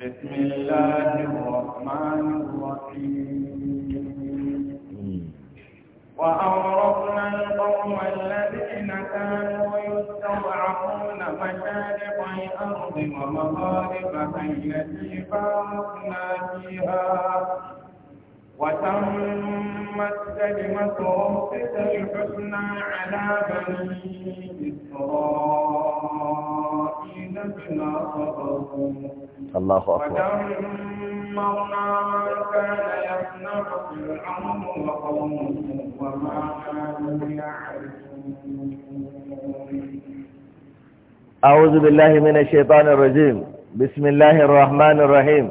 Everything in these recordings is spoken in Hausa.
بسم الله الرحمن الرحيم وأورثنا القوم الذين كانوا يستضعفون مشارق الأرض ومغاربها التي باركنا فيها وتمت كلمة ربك الحسنى على بني إسرائيل بما صبروا الله أكبر ودمرنا ما كان يصنع فرعون وقومه وما كانوا يعرفون أعوذ بالله من الشيطان الرجيم بسم الله الرحمن الرحيم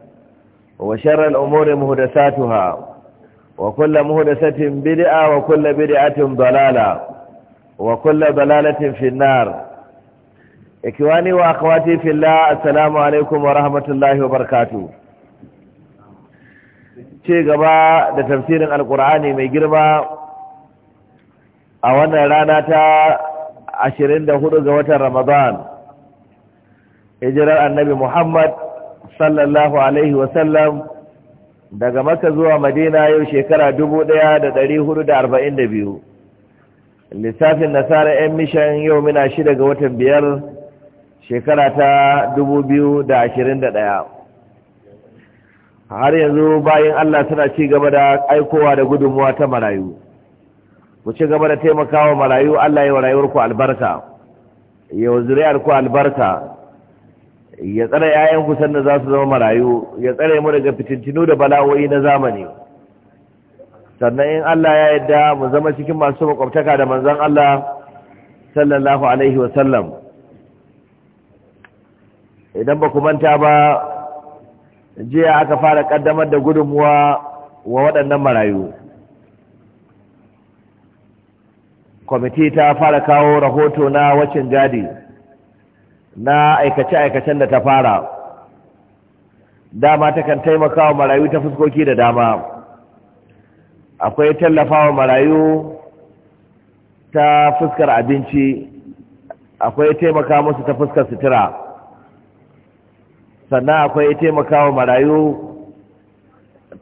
wa shar al umuri muhdathatuha wa kull muhdathatin bid'a wa kull bid'atin dalala wakulla kull dalalatin fi nar ikwani wa akhwati fi allah wa rahmatullahi wa barakatuh ce gaba da tafsirin al mai girma a wannan rana ta 24 ga watan ramadan ejira annabi muhammad sallallahu alaihi wasallam daga maka zuwa madina yau shekara da biyu. lissafin nasara 'yan mishan yau muna shida ga watan biyar shekara ta ɗaya. har yanzu bayan Allah suna ci gaba da aikowa da gudunmuwa ta marayu ku ci gaba da taimakawa marayu Allah yi wa rayuwarku albarka yau ku albarka ya tsare ‘ya'yan kusan da za su zama marayu ya tsare mu daga fitintinu da bala'o'i na zamani sannan in Allah ya yadda mu zama cikin masu makwabtaka da manzan Allah sallallahu Alaihi wasallam idan ba ku manta ba jiya aka fara ƙaddamar da gudunmuwa wa waɗannan marayu kwamiti ta fara kawo rahoto na wacin gadi na aikace-aikacen da ta fara dama takan taimaka wa marayu ta fuskoki da dama akwai tallafa wa marayu ta fuskar abinci akwai taimaka musu ta fuskar sutura sannan akwai taimaka wa marayu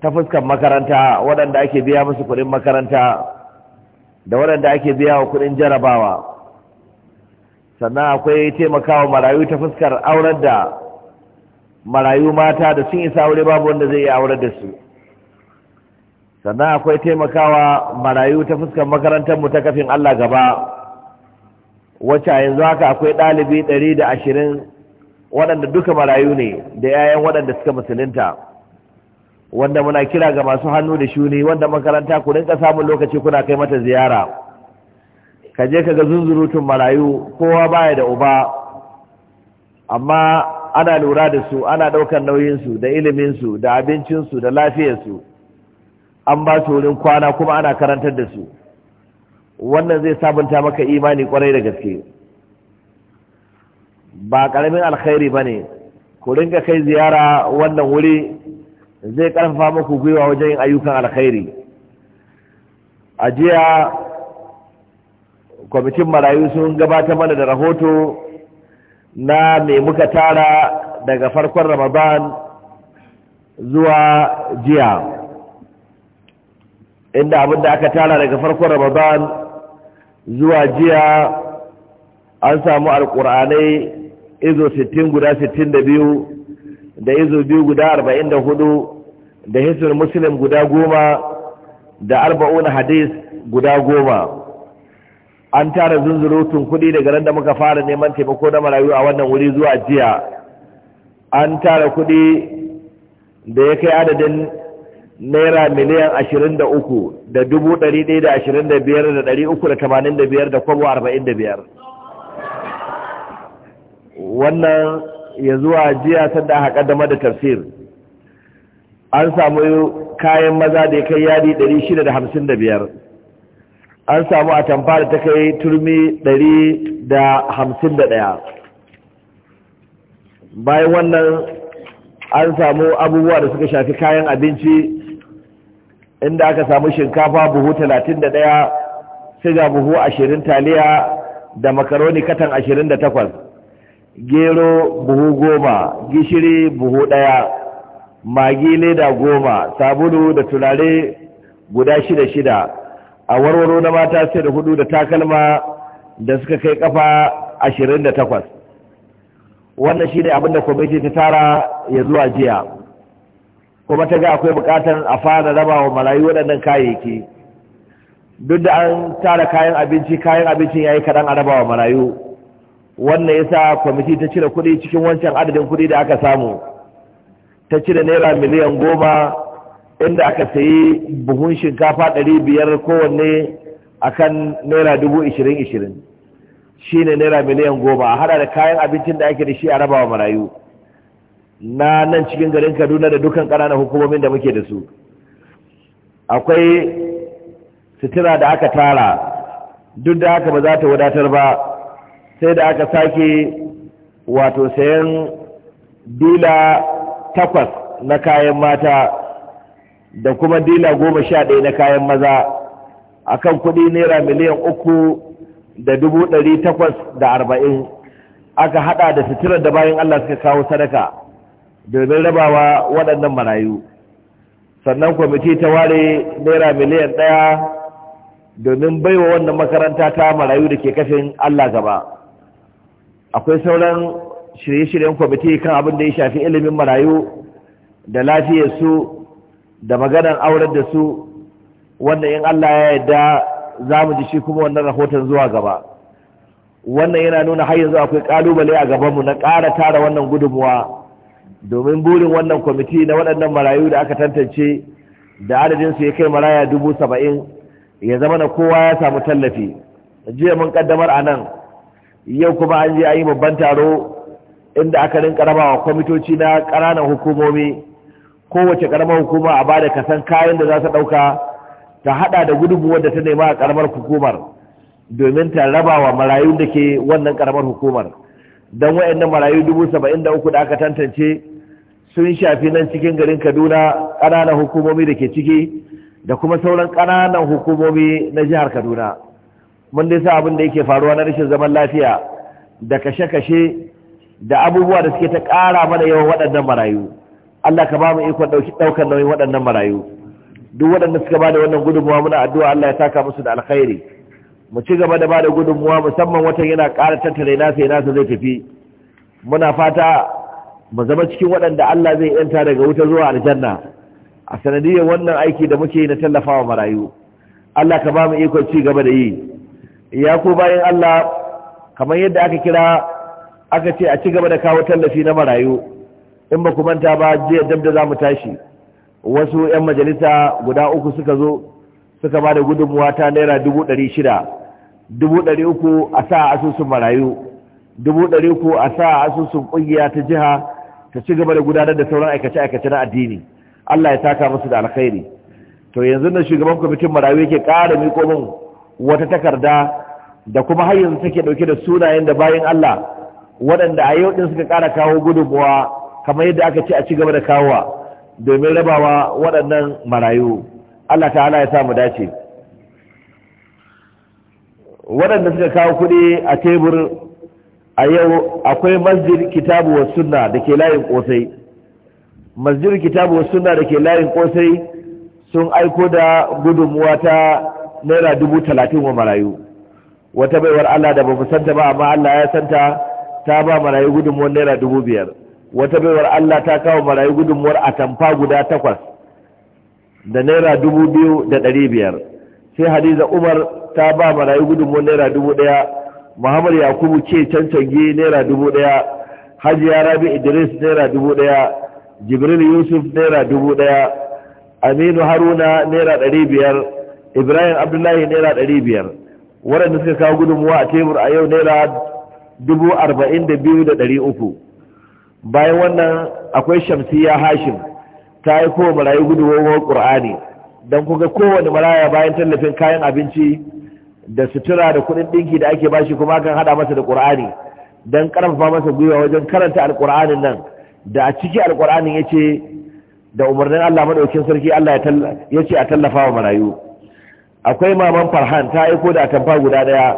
ta fuskar makaranta waɗanda ake biya musu kuɗin makaranta da waɗanda ake biya wa kuɗin jarabawa sannan akwai taimakawa marayu ta fuskar aurar da marayu mata da sun isa aure babu wanda zai yi aurar da su sannan akwai taimakawa marayu ta fuskar mu ta kafin Allah gaba wacce yanzu haka akwai ɗalibi ɗari da ashirin waɗanda duka marayu ne da 'ya'yan waɗanda suka musulunta wanda muna kira ga masu hannu da shuni wanda makaranta ku rinka samun lokaci kuna kai mata ziyara ka je ka ga zunzurutun marayu kowa baya da uba amma ana lura da su ana ɗaukar nauyinsu da iliminsu da abincinsu da lafiyarsu an ba su wurin kwana kuma ana karantar da su wannan zai sabunta maka imani kwarai da gaske ba ƙaramin alkhairi ba ne ku ringa kai ziyara wannan wuri zai ƙarfafa muku gwiwa wajen ayyukan alkhairi a jiya kwamitin marayu sun gabata mana da rahoto na mai muka tara daga farkon ramadan zuwa jiya inda abin da aka tara daga farkon ramadan zuwa jiya an samu alkur'anai izo 60 guda 62 da izo 2 guda 44 da hisir muslim guda 10 da arba'una hadis guda 10 an tara zunzurutun kuɗi daga randa da muka fara neman taimako na marayu a wannan wuri zuwa jiya an tara kuɗi da ya kai adadin naira miliyan ashirin da uku da dubu ɗari ɗaya da ashirin da biyar da ɗari uku da tamanin da biyar da kwabo arba'in da biyar wannan ya zuwa jiya sanda aka kaddama da tafsir an samu kayan maza da ya kai yadi ɗari shida da hamsin da biyar an samu a tamfa da ta kai turmi 151 bayan wannan an samu abubuwa da suka shafi kayan abinci inda aka samu shinkafa buhu 31 siga buhu 20 taliya da makaroni katan ashirin da 28 gero buhu goma gishiri buhu ɗaya, magi leda goma sabulu da tulare guda shida shida a warwaro na mata sai da hudu da takalma da suka kai kafa ashirin da takwas wannan shi ne abinda kwamiti ta tara ya zuwa jiya kuma ta ga akwai bukatar a fara raba wa malayu waɗannan kayayyaki duk da an tara kayan abinci kayan abincin ya yi kaɗan a raba wa malayu wannan ya sa kwamiti ta cire kuɗi cikin wancan adadin kuɗi da aka samu ta cire naira miliyan goma inda aka sayi buhun shinkafa ɗari biyar kowanne akan naira dubu ishirin ishirin shine naira miliyan goma a hada da kayan abincin da ake da shi a rabawa marayu na nan cikin garin kaduna da dukkan ƙananan hukumomin da muke da su akwai sutura da aka tara duk da haka ba za ta wadatar ba sai da aka sake wato sayan dila takwas na kayan mata da kuma dila goma sha ɗaya na kayan maza a kan kuɗi naira miliyan uku da dubu ɗari takwas da arba'in aka haɗa da suturar da bayan Allah suka kawo sadaka domin rabawa waɗannan marayu sannan kwamiti ta ware naira miliyan ɗaya domin baiwa wannan makaranta ta marayu da ke kafin Allah gaba akwai sauran shirye-shiryen kwamiti kan abin da ya shafi ilimin marayu da lafiyarsu da maganar aurar da su wanda in Allah ya yarda za mu ji shi kuma wannan rahoton zuwa gaba wannan yana nuna har yanzu akwai kalubale a gabanmu na ƙara tara wannan gudunmuwa domin burin wannan kwamiti na waɗannan marayu da aka tantance da adadin su ya kai maraya dubu saba'in ya zama na kowa ya samu tallafi jiya mun ƙaddamar a nan yau kuma an je an yi babban taro inda aka rinka rabawa kwamitoci na ƙananan hukumomi kowace karamar hukuma a bada kasan kayan da za su ɗauka ta hada da gudunmuwar da ta nema a karamar hukumar domin ta raba wa marayu da ke wannan karamar hukumar don wayannan marayu dubu saba'in da da aka tantance sun shafi nan cikin garin kaduna ƙananan hukumomi da ke ciki da kuma sauran ƙananan hukumomi na jihar kaduna mun dai sa abin da yake faruwa na rashin zaman lafiya da kashe-kashe da abubuwa da suke ta ƙara mana yawan waɗannan marayu Allah ka ba mu ikon daukar nauyin waɗannan marayu duk waɗanda suka ba da wannan gudunmuwa muna addu'a Allah ya saka musu da alkhairi mu ci gaba da ba da gudunmuwa musamman watan yana ƙara tattare nasa nasa zai tafi muna fata mu zama cikin waɗanda Allah zai yanta daga wuta zuwa aljanna a sanadiyar wannan aiki da muke na tallafawa marayu Allah ka ba mu ikon ci gaba da yi ya ku bayan Allah kamar yadda aka kira aka ce a ci gaba da kawo tallafi na marayu in ba ku manta ba jiya dabda da za mu tashi wasu 'yan majalisa guda uku suka zo suka ba da gudunmuwa ta naira dubu ɗari shida dubu ɗari uku a sa asusun marayu dubu ɗari uku a sa asusun ƙungiya ta jiha ta ci gaba da gudanar da sauran aikace-aikace na addini Allah ya taka musu da alkhairi to yanzu na shugaban kwamitin marayu yake ƙara miƙo min wata takarda da kuma har yanzu take ɗauke da sunayen da bayan Allah waɗanda a yau ɗin suka ƙara kawo gudunmuwa kamar yadda aka ce a ci gaba da kawowa domin rabawa waɗannan marayu Allah ta'ala ya samu dace waɗanda suka kawo kuɗi a tebur a yau akwai masjid kitabu wa sunna da ke layin ƙosai masjid kitabu wa sunna da ke layin ƙosai sun aiko da gudunmuwa ta naira dubu talatin wa marayu wata baiwar Allah da ba santa ba amma Allah ya santa ta ba marayu gudunmuwa naira dubu biyar wata baiwar Allah ta kawo marayu gudunmuwar tamfa guda takwas da naira dubu biyu da ɗari biyar sai hadiza umar ta ba marayu gudunmuwar naira dubu ɗaya muhammad yakubu ce cancange naira dubu ɗaya ya rabi idris naira dubu ɗaya jibril yusuf naira dubu ɗaya aminu haruna naira ɗari biyar ibrahim abdullahi naira ɗari biyar waɗanda suka kawo gudunmuwa a tebur a yau naira dubu arba'in da biyu da ɗari uku bayan wannan akwai shamsiya hashim ta yi kowa marayu gudunwar ƙur'ani don kuka kowane maraya bayan tallafin kayan abinci da sutura da kuɗin ɗinki da ake bashi kuma kan haɗa masa da ƙur'ani don ƙarfafa masa gwiwa wajen karanta alƙur'anin nan da a ciki alƙur'anin ya ce da umarnin allah maɗaukin sarki allah ya ce a tallafa wa marayu akwai maman farhan ta ko da atamfa guda ɗaya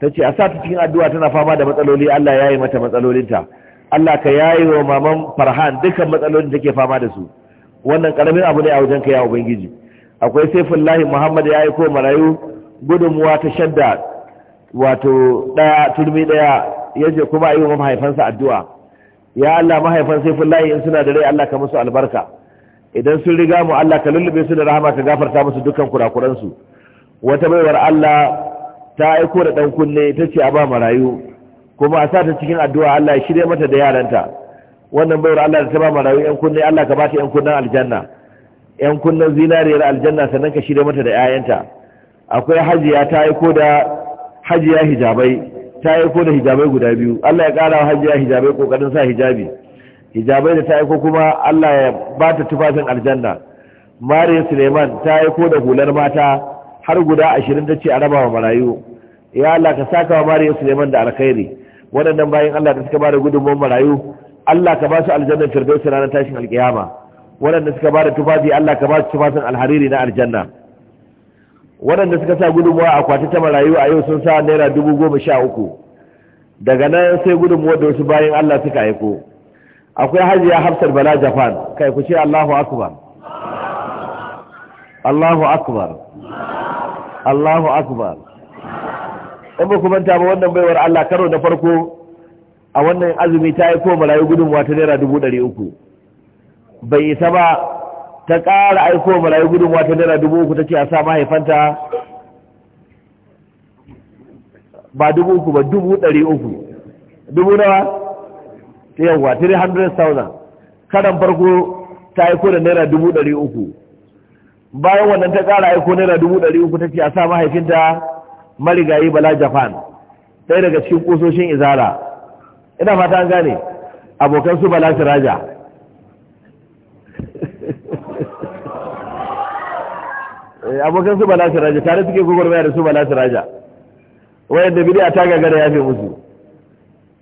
ta ce a sa ta cikin addu'a tana fama da matsaloli allah ya yi mata matsalolinta Allah ka yayi wa maman farhan dukkan matsalolin da take fama da su wannan karamin abu ne a wajen ka ya ubangiji akwai saifullahi muhammad ya yi ko marayu gudunmuwa ta shadda wato daya turmi daya yaje kuma yi wa mahaifansa addu'a ya Allah mahaifan saifullahi in suna da rai Allah ka musu albarka idan sun riga mu Allah ka lullube su da rahama ka gafarta musu dukkan kurakuransu wata baiwar Allah ta aiko da dan kunne ta ce a ba marayu kuma a sa ta cikin addu'a Allah ya shirye mata da yaranta wannan bayar Allah da ta ba marayu yan kunne Allah ka ba ta yan kunnen aljanna yan kunnen zinariyar aljanna sannan ka shirye mata da yayanta akwai hajiya ta aiko da hajiya hijabai ta aiko da hijabai guda biyu Allah ya wa hajiya hijabai kokarin sa hijabi hijabai da ta aiko kuma Allah ya ba ta tufafin aljanna Mariya Suleiman ta aiko da hular mata har guda ashirin ta ce a raba wa marayu ya Allah ka saka wa Mariya Suleiman da alkhairi waɗannan bayan Allah da suka ba da gudunmuwan marayu Allah ka ba su aljannar firdausi ranar tashin alkiyama waɗanda suka ba da tufafi Allah ka ba su tufafin alhariri na aljanna waɗanda suka sa gudunmuwa a kwati ta marayu a yau sun sa naira dubu goma sha uku daga nan sai gudunmuwa da wasu bayan Allah suka aiko akwai hajiya hafsar bala japan kai ku ce Allahu akbar Allahu akbar Allahu akbar in ba ku manta ba wannan baiwar Allah karo na farko a wannan azumi ta yi ko marayu gudun wata naira dubu ɗari uku bai isa ba ta ƙara aiko marayu gudun wata naira dubu uku ta ce a sa mahaifanta ba dubu uku ba dubu ɗari uku dubu nawa ta yawwa 300,000 karan farko ta aiko da naira dubu ɗari uku bayan wannan ta ƙara aiko naira dubu ɗari uku ta ce a sa mahaifinta marigayi bala japan ɗaya daga cikin kusoshin izara ina fata an gane abokan su bala siraja eh, abokan su bala siraja tare suke gwagwarmaya da su bala siraja wayanda bidiyar ta gagara ya fi musu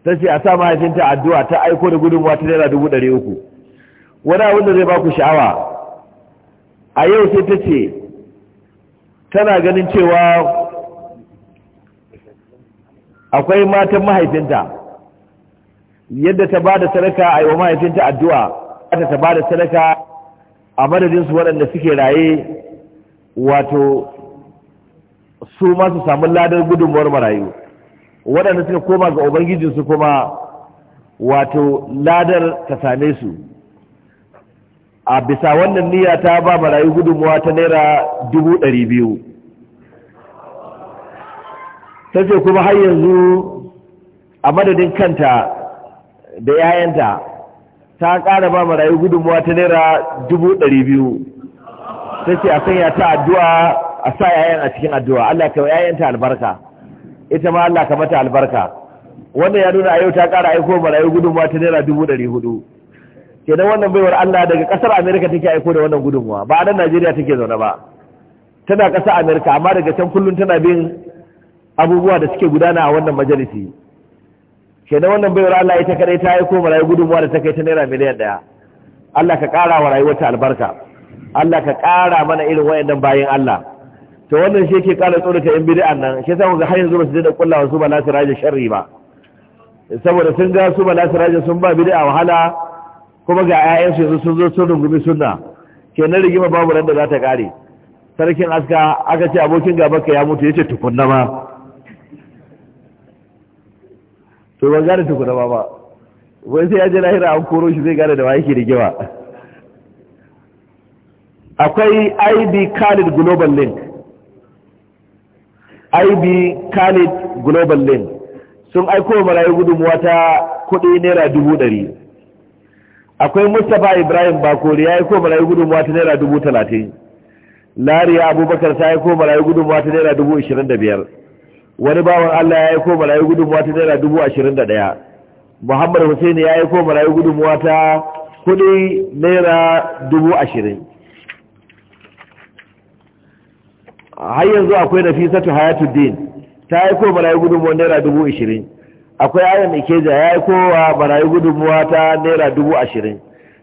ta ce a sa mahaifinta addu'a ta aiko da gudunmuwa ta naira dubu ɗari uku wani abin da zai ba ku sha'awa a yau sai ta ce tana ganin cewa akwai matan mahaifinta yadda ta ba da sadaka a yi wa mahaifinta addu'a ta ta ba da sadaka a madadinsu waɗanda suke raye wato su masu samun ladar gudunmuwar marayu waɗanda suka koma ga ubangijinsu kuma wato ladar ta same su a bisa wannan niyya ta ba marayu gudunmuwa ta naira dubu ɗari biyu ta ce kuma har yanzu a madadin kanta da yayanta ta ƙara ba marayu gudunmuwa ta naira dubu ɗari biyu ta ce a sanya ta addu'a a sa yayan a cikin addu'a Allah ka yayanta albarka ita ma Allah ka mata albarka wannan ya nuna a yau ta ƙara aiko marayu gudunmuwa ta naira dubu ɗari hudu kenan wannan baiwar Allah daga ƙasar Amerika take aiko da wannan gudunmuwa ba a nan Najeriya take zaune ba tana ƙasar Amerika amma daga can kullum tana bin abubuwa da suke gudana a wannan majalisi na wannan baiwar Allah ita kare ta koma marayu gudunmuwa da ta kai ta naira miliyan daya Allah ka kara wa rayuwar ta albarka Allah ka kara mana irin wayannan bayan Allah to wannan shi yake kara tsorata yan bid'an nan shi yasa ga har yanzu ba su da kullawa su ba lasu raje sharri ba saboda sun ga su ba lasu raje sun ba bid'a wahala kuma ga 'ya'yansu yanzu sun zo sun rungumi sunna kenan rigima babu ran da za ta kare sarkin aska aka ce abokin gaba ka ya mutu yace tukunna ma to ban gane tukuna ba ba wai sai ya ji lahira an koro shi zai gane da wa yake rigima akwai IB Khalid Global Link IB Khalid Global Link sun aiko marayu gudunmuwa ta kudi naira dubu dari, akwai Mustapha Ibrahim Bakori ya aiko marayu gudunmuwa ta naira dubu talatin Lariya Abubakar ta aiko marayu gudunmuwa ta naira dubu ishirin da biyar wani bawan Allah ya aiko marayu gudunmuwa ta naira dubu ashirin da ɗaya muhammad hussein ya aiko marayu gudunmuwa ta kudi naira dubu ashirin har yanzu akwai hayatu din ta aiko marayu gudunmuwa naira dubu ashirin akwai ayan ikeja ya aiko wa marayu gudunmuwa ta naira dubu ashirin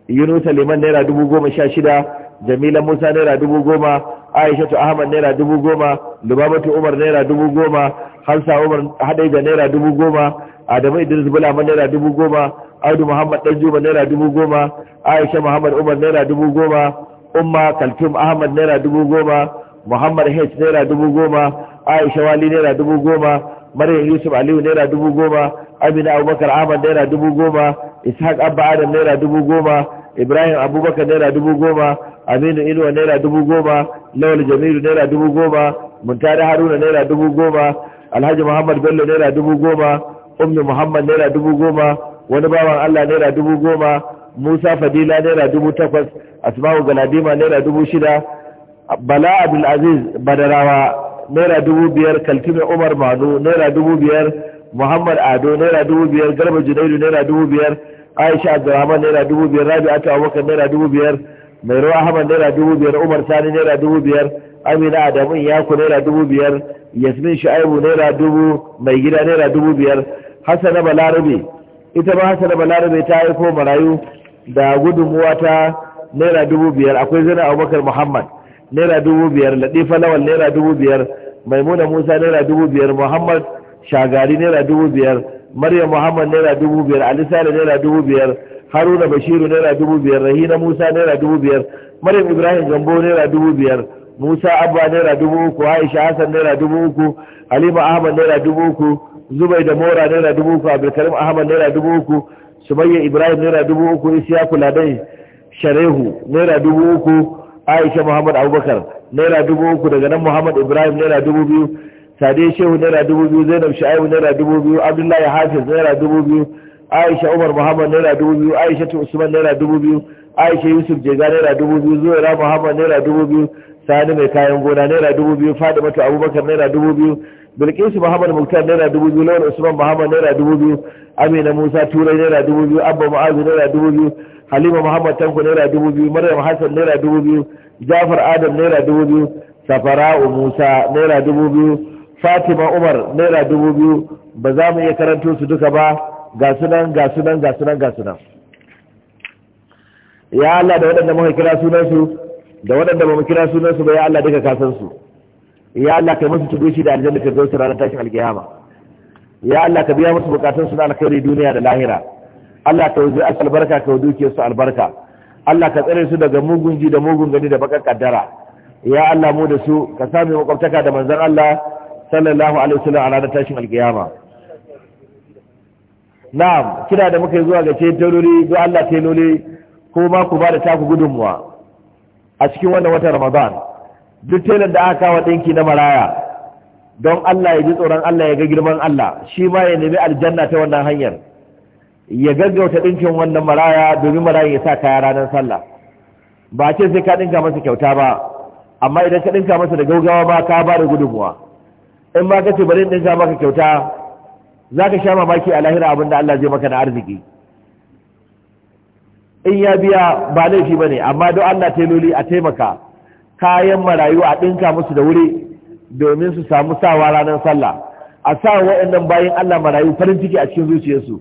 yunusa liman naira dubu goma sha shida jamila musa naira dubu goma Aisha aishatu ahmad naira dubu goma lubabatu umar naira dubu goma hamsa umar hadaija naira dubu goma adamu idris bulama naira dubu goma audu muhammad danjuma naira dubu goma aisha muhammad umar naira dubu goma umma kaltum ahmad naira dubu goma muhammad h naira dubu goma aisha wali naira dubu goma maryam yusuf aliyu naira dubu goma amina abubakar ahmad naira dubu goma ishaq abba adam naira dubu goma ibrahim abubakar naira dubu goma aminu inuwa naira dubu goma lawal jamilu naira dubu goma muntari haruna naira dubu goma alhaji muhammad bello naira dubu goma ummi muhammad naira dubu goma wani bawan allah naira dubu goma musa fadila naira dubu takwas asma'u galadima naira dubu shida bala abdulaziz badarawa naira dubu biyar kaltime umar manu naira dubu biyar muhammad ado naira dubu biyar garba junaidu naira dubu biyar aisha abdulrahman naira dubu biyar rabi'atu abubakar naira dubu biyar mai ruwa haman naira dubu biyar umar sani naira dubu biyar amina adamu yaku naira dubu biyar yasmin sha'ibu naira dubu mai gida naira dubu biyar hassana balarabe ita ma hassana balarabe ta haifo marayu da gudunmuwa ta naira dubu biyar akwai zina abubakar muhammad naira dubu biyar latifa lawal naira dubu biyar maimuna musa naira dubu biyar muhammad shagari naira dubu biyar maryam muhammad naira dubu biyar ali naira dubu biyar haruna bashiru naira dubu biyar rahina musa naira dubu biyar maryam ibrahim gambo naira dubu biyar musa abba naira dubu uku aisha hassan naira dubu uku halima ahmad naira dubu uku zubai da mora naira dubu uku abdulkarim ahmad naira dubu uku sumayya ibrahim naira dubu uku isiyaku kuladai sharehu naira dubu uku aisha muhammad abubakar naira dubu uku daga nan muhammad ibrahim naira dubu biyu Sadiya shehu naira dubu biyu zainab sha'ibu naira dubu biyu abdullahi hafiz naira dubu biyu aisha umar muhammad naira dubu biyu aisha tu usman naira dubu biyu aisha yusuf jega naira dubu biyu zuwaira muhammad naira dubu biyu sani mai kayan gona naira dubu biyu fadimatu abubakar naira dubu biyu bilkisu muhammad muktar naira dubu biyu lawan usman muhammad naira dubu biyu amina musa turai naira dubu biyu abba mu'azu naira dubu biyu halima muhammad tanko naira dubu biyu maryam hassan naira dubu biyu jafar adam naira dubu biyu safara'u musa naira dubu biyu fatima umar naira dubu biyu ba za mu iya karanto su duka ba Gasunan, gasunan, gasunan, gasunan. ya Allah da waɗanda muka kira sunansu da waɗanda ba mu kira sunansu ba ya Allah duka kasan su ya Allah kai musu tudushi da aljanna ka zo su ranar tashin alkiyama ya Allah ka biya musu bukatun su na alkhairi duniya da lahira Allah ka wuce albarka ka duke su albarka Allah ka tsare su daga mugun ji da mugun gani da bakar kaddara ya Allah mu da su ka sami makwabtaka da manzon Allah sallallahu alaihi wasallam a ranar tashin alkiyama na'am kira da muka yi zuwa ga ce ga don Allah teloli ko ma ku ba da taku gudunmuwa a cikin wannan watan ramadan duk telan da aka kawo ɗinki na maraya don Allah ya ji tsoron Allah ya ga girman Allah shi ma ya nemi aljanna ta wannan hanyar ya gaggauta ɗinkin wannan maraya domin maraya ya sa kaya ranar sallah ba ce sai ka ɗinka masa kyauta ba amma idan ka ɗinka masa da gaugawa ba ka ba da gudunmuwa in ma ka ce bari ɗinka maka kyauta za ka sha mamaki a lahira abin da Allah zai maka na arziki in ya biya ba laifi ba ne amma don Allah teloli a taimaka kayan marayu a ɗinka musu da wuri domin su samu sawa ranar sallah a sa waɗannan bayan Allah marayu farin ciki a cikin zuciyarsu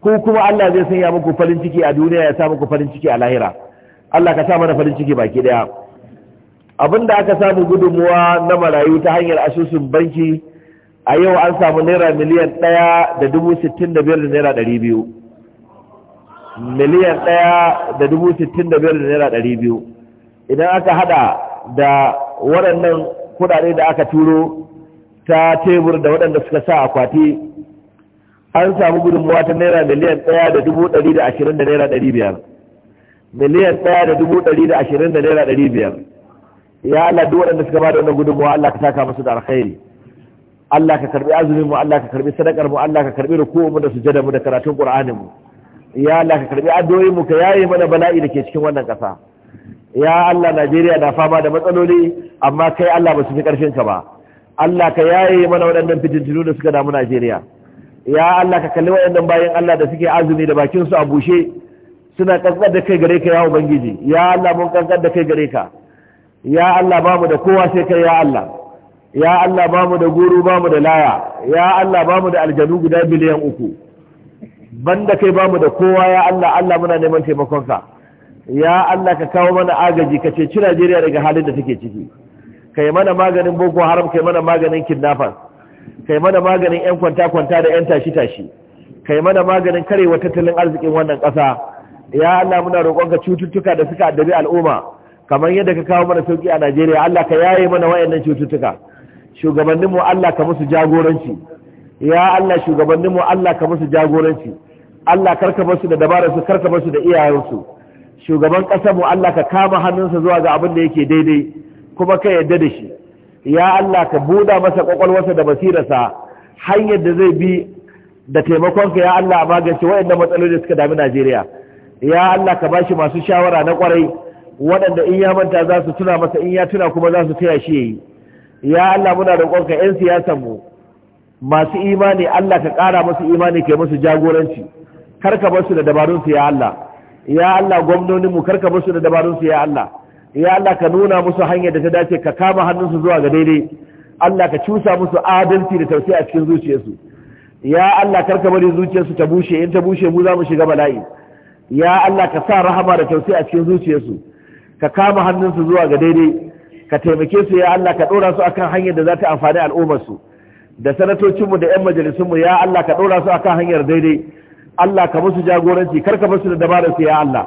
ko kuma Allah zai sanya muku farin ciki a duniya ya sa muku farin ciki a lahira Allah ka sa mana farin ciki baki daya abinda aka samu gudunmuwa na marayu ta hanyar asusun banki a yau an samu naira miliyan ɗaya da dubu sittin da biyar da naira ɗari biyu miliyan ɗaya da dubu sittin da biyar da naira ɗari biyu idan aka hada da waɗannan kuɗaɗe da aka turo ta tebur da waɗanda suka sa akwati an samu gudunmuwa ta naira miliyan ɗaya da dubu ɗari da ashirin da naira ɗari biyar miliyan ɗaya da dubu ɗari da ashirin da naira ɗari biyar ya Allah duk waɗanda suka ba da wannan gudunmuwa Allah ka saka musu da alkhairi Allah ka karbi azumin mu Allah ka karbi sadakar mu Allah ka karbi ruku'u mu da sujada mu da karatun Qur'anin mu ya Allah ka karbi addu'o'in mu ka yaye mana bala'i da ke cikin wannan ƙasa ya Allah Najeriya na fama da matsaloli amma kai Allah ba su fi karfin ka ba Allah ka yaye mana waɗannan fitintunu da suka damu Najeriya ya Allah ka kalli waɗannan bayan Allah da suke azumi da bakin su a bushe suna kankan da kai gare ka ya Ubangiji ya Allah mun kankan da kai gare ka ya Allah bamu da kowa sai kai ya Allah ya Allah ba mu da guru ba mu da laya ya Allah ba mu da aljanu guda biliyan uku banda kai ba mu da kowa ya Allah Allah muna neman taimakonka ya Allah ka kawo mana agaji ka ce ceci Najeriya daga halin da take ciki kai mana maganin boko haram kai mana maganin kidnappers kai mana maganin yan kwanta kwanta da yan tashi tashi kai mana maganin karewa tattalin arzikin wannan ƙasa ya Allah muna roƙonka cututtuka da suka addabi al'umma kamar yadda ka kawo mana sauki a Najeriya Allah ka yaye mana wayannan cututtuka shugabanninmu Allah ka musu jagoranci ya Allah shugabanninmu Allah ka musu jagoranci Allah karka basu da dabararsu karka basu da iyayensu shugaban ƙasarmu Allah ka kama hannunsa zuwa ga abin da yake daidai kuma ka yarda da shi ya Allah ka buɗa masa ƙwaƙwalwarsa da basirarsa hanyar da zai bi da taimakonka ya Allah a magance waɗanda matsaloli suka dami Najeriya ya Allah ka bashi masu shawara na kwarai waɗanda in ya manta za su tuna masa in ya tuna kuma za su taya shi yayi ya Allah muna roƙonka 'yan siyasan mu masu imani Allah ka ƙara musu imani ke musu jagoranci karka su da dabarun ya Allah ya Allah gwamnonin mu karka su da dabarun ya Allah ya Allah ka nuna musu hanyar da ta dace ka kama hannunsu zuwa ga daidai Allah ka cusa musu adalci da tausayi a cikin zuciyarsu ya Allah karka bari zuciyarsu ta bushe in ta bushe mu za mu shiga bala'i ya Allah ka sa rahama da tausayi a cikin zuciyarsu ka kama hannunsu zuwa ga daidai ka taimake su ya Allah ka ɗora su akan hanyar da za ta amfani su. da sanatocinmu da 'yan majalisunmu ya Allah ka ɗora su akan hanyar daidai Allah ka musu jagoranci kar ka musu da dabara su ya Allah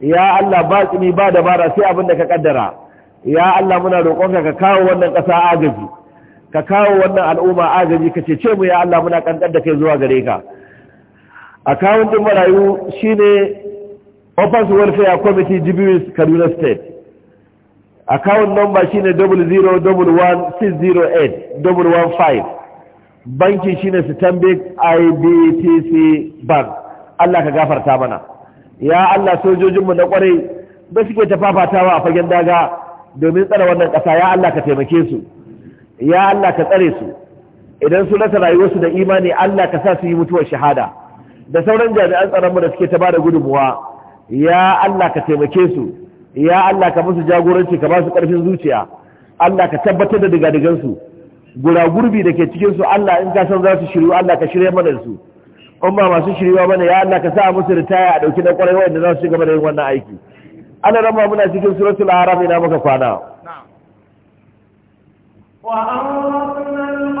ya Allah ba tsimi ba dabara sai abin da ka kaddara ya Allah muna roƙonka ka kawo wannan ƙasa agaji ka kawo wannan al'umma agaji ka ce-ce mu ya Allah muna kankan da kai zuwa gare ka akawun din marayu shine Open Welfare Committee Jibiris Kaduna State account number shine 0011608115 banki shine Stanbic IBTC Bank Allah ka gafarta mana ya Allah sojojinmu na kwarai da suke tafafatawa a fagen daga domin tsara wannan ƙasa ya Allah ka taimake su ya Allah ka tsare su idan su rasa rayuwarsu da imani Allah ka sa su yi mutuwar shahada da sauran jami'an tsaronmu da suke ta bada gudunmuwa ya Allah ka taimake su ya Allah ka musu jagoranci ka ba su ƙarfin zuciya Allah ka tabbatar da digadigansu gura gurbi da ke cikinsu Allah in ka san za su shiru Allah ka shirya mana su umma masu shiryuwa mana, ya Allah ka sa musu ritaya a dauki na kwarai inda za su shiga da yin wannan aiki Allah rama muna cikin suratul araf ina muka kwana وأورثنا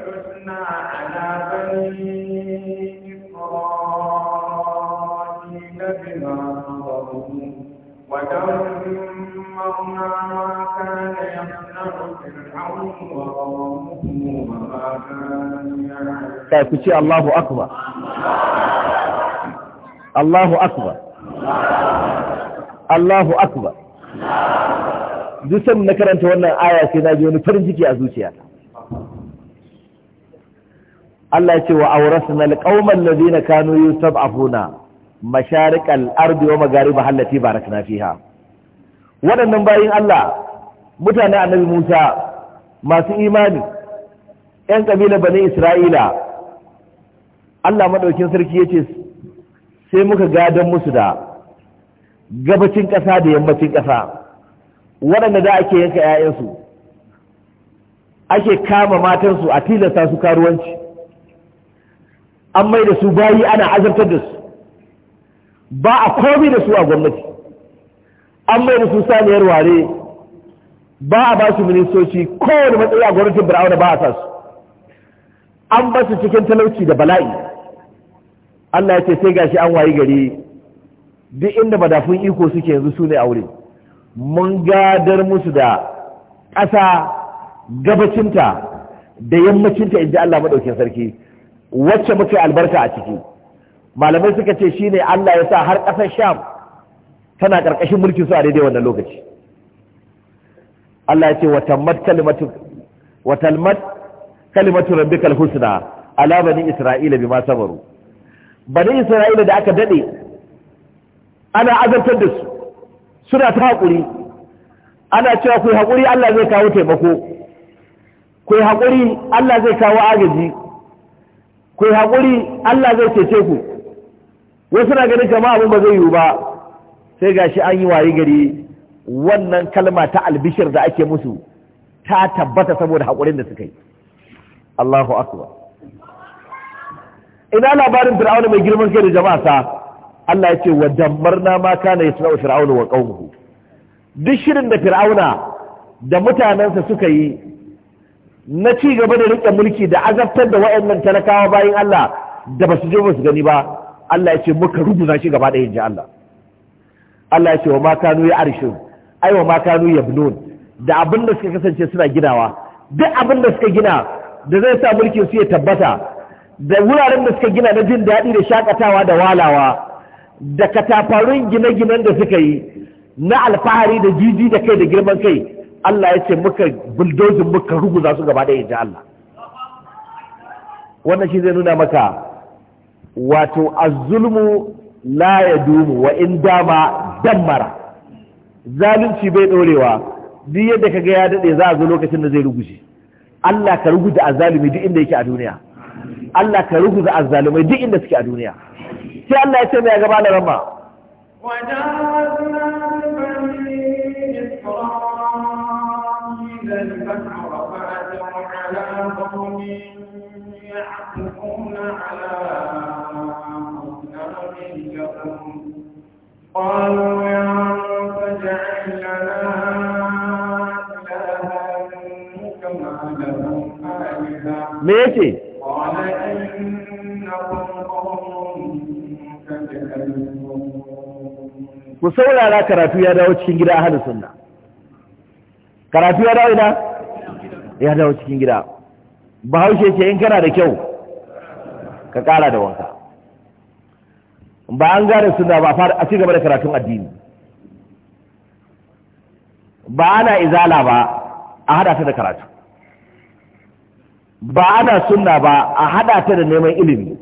kai ku ce Allahu akbar Allahu akbar Allahu akbar duk na karanta wannan aya sai na ji wani farin ciki a zuciyata Allah ya ce wa aurasna alqauman ladina kanu yusab'afuna masharikal ardi wa magariba allati barakna fiha wadannan bayin Allah mutane annabi Musa masu imani 'yan ƙabilar bani Isra'ila Allah maɗaukin sarki ya ce sai muka gadon musu da gabacin ƙasa da yammacin ƙasa waɗanda da ake yanka 'ya'yansu ake kama matansu a tilasta su karuwanci an mai da su bayi ana azartar da su ba a komi da su a gwamnati an mai da su saniyar ware ba a ba su ministoci kowane matsayi a gwamnatin bir'auna ba a sa su an basu cikin talauci da bala'i Allah ya ce sai gashi an wayi gari duk inda madafun iko suke yanzu su ne aure mun gadar musu da ƙasa gabacinta da yammacinta inda Allah maɗaukin sarki wacce muka albarka a ciki malamai suka ce shine Allah ya sa har ƙasar sham tana ƙarƙashin mulkin su a daidai wannan lokaci Allah ya ce watammat kalimatu kalimatu rabbikal husna ala bani isra'ila bima sabaru bani isra'ila da aka dade ana azabtar da su suna ta hakuri ana cewa ku hakuri Allah zai kawo taimako ku hakuri Allah zai kawo agaji ku hakuri Allah zai cece ku wasu suna ganin jama'a abin ba zai yiwu ba sai gashi an yi wayi gari wannan kalma ta albishir da ake musu ta tabbata saboda hakurin da suka yi Allahu akbar ina labarin fir'auna mai girman kai da jama'a sa Allah ya ce wa dammarna ma kana yasna'u fir'auna wa qaumuhu duk shirin da fir'auna da mutanensa suka yi na ci gaba da rike mulki da azabtar da wayannan talakawa bayan Allah da basu je ba su gani ba Allah ya ce muka rubuta shi gaba ɗaya inji Allah Allah ya ce wa ma kanu ya arshin ai wa ma kanu ya bulon? da abin da suka kasance suna ginawa duk abin da suka gina da zai sa mulkin su ya tabbata da wuraren da suka gina na jin daɗi da shakatawa da walawa da katafarun gine-ginen da suka yi na alfahari da jiji da kai da girman kai Allah ya ce muka buldozin muka ruguza su gaba ɗaya ji Allah wannan shi zai nuna maka wato azulmu la ya dumu wa in dama dammara zalunci bai ɗorewa duk yadda ka ga ya daɗe za a zo lokacin da zai ruguje Allah ka da azalimi duk inda yake a duniya Allah ka da azzalumai duk inda suke a duniya sai Allah ya ce mai gaba da rama قالوا me yake ku saurara karatu ya dawo cikin gida ahadu suna. karatu ya dawo ina ya dawo cikin gida bahaushe ce in kana da kyau ka kara da wanka ba an gane suna ba a ci gaba da karatun addini ba ana izala ba a hada ta da karatu ba ana sunna ba a hada ta da neman ilimi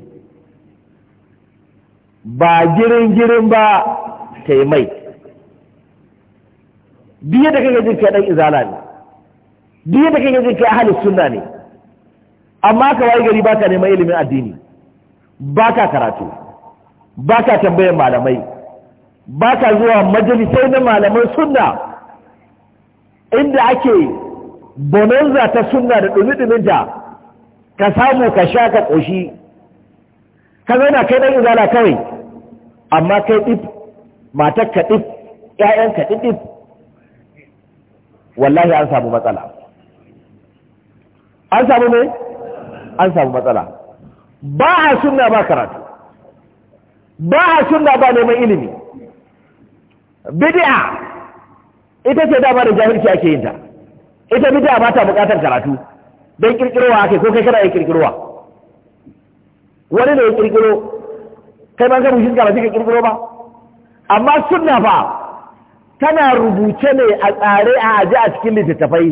ba girin-girin ba ta yi mai biye da kake jinka ɗan izala ne biye da kake jinka ahalin sunna ne amma ka wayi gari baka neman ilimin addini baka karatu baka tambayar malamai baka zuwa majalisai na malaman sunna inda ake bonanza ta sunna da ɗumi-ɗuminta ka samu ka sha ka ƙoshi ka zauna kai ɗan izala kawai amma kai ɗif matar ka ɗif ƴaƴan ka ɗif wallahi an samu matsala an samu ne an samu matsala ba a sunna ba karatu ba a sunna ba neman ilimi bid'a ita ce dama da jahilci ake yin ta ita bid'a ba ta buƙatar karatu don kirkirowa ake ko kai kana yin kirkirowa wani ne ya kirkiro kai ban ka rushin ba ka kirkiro ba amma sunna fa tana rubuce ne a tsare a aji a cikin littattafai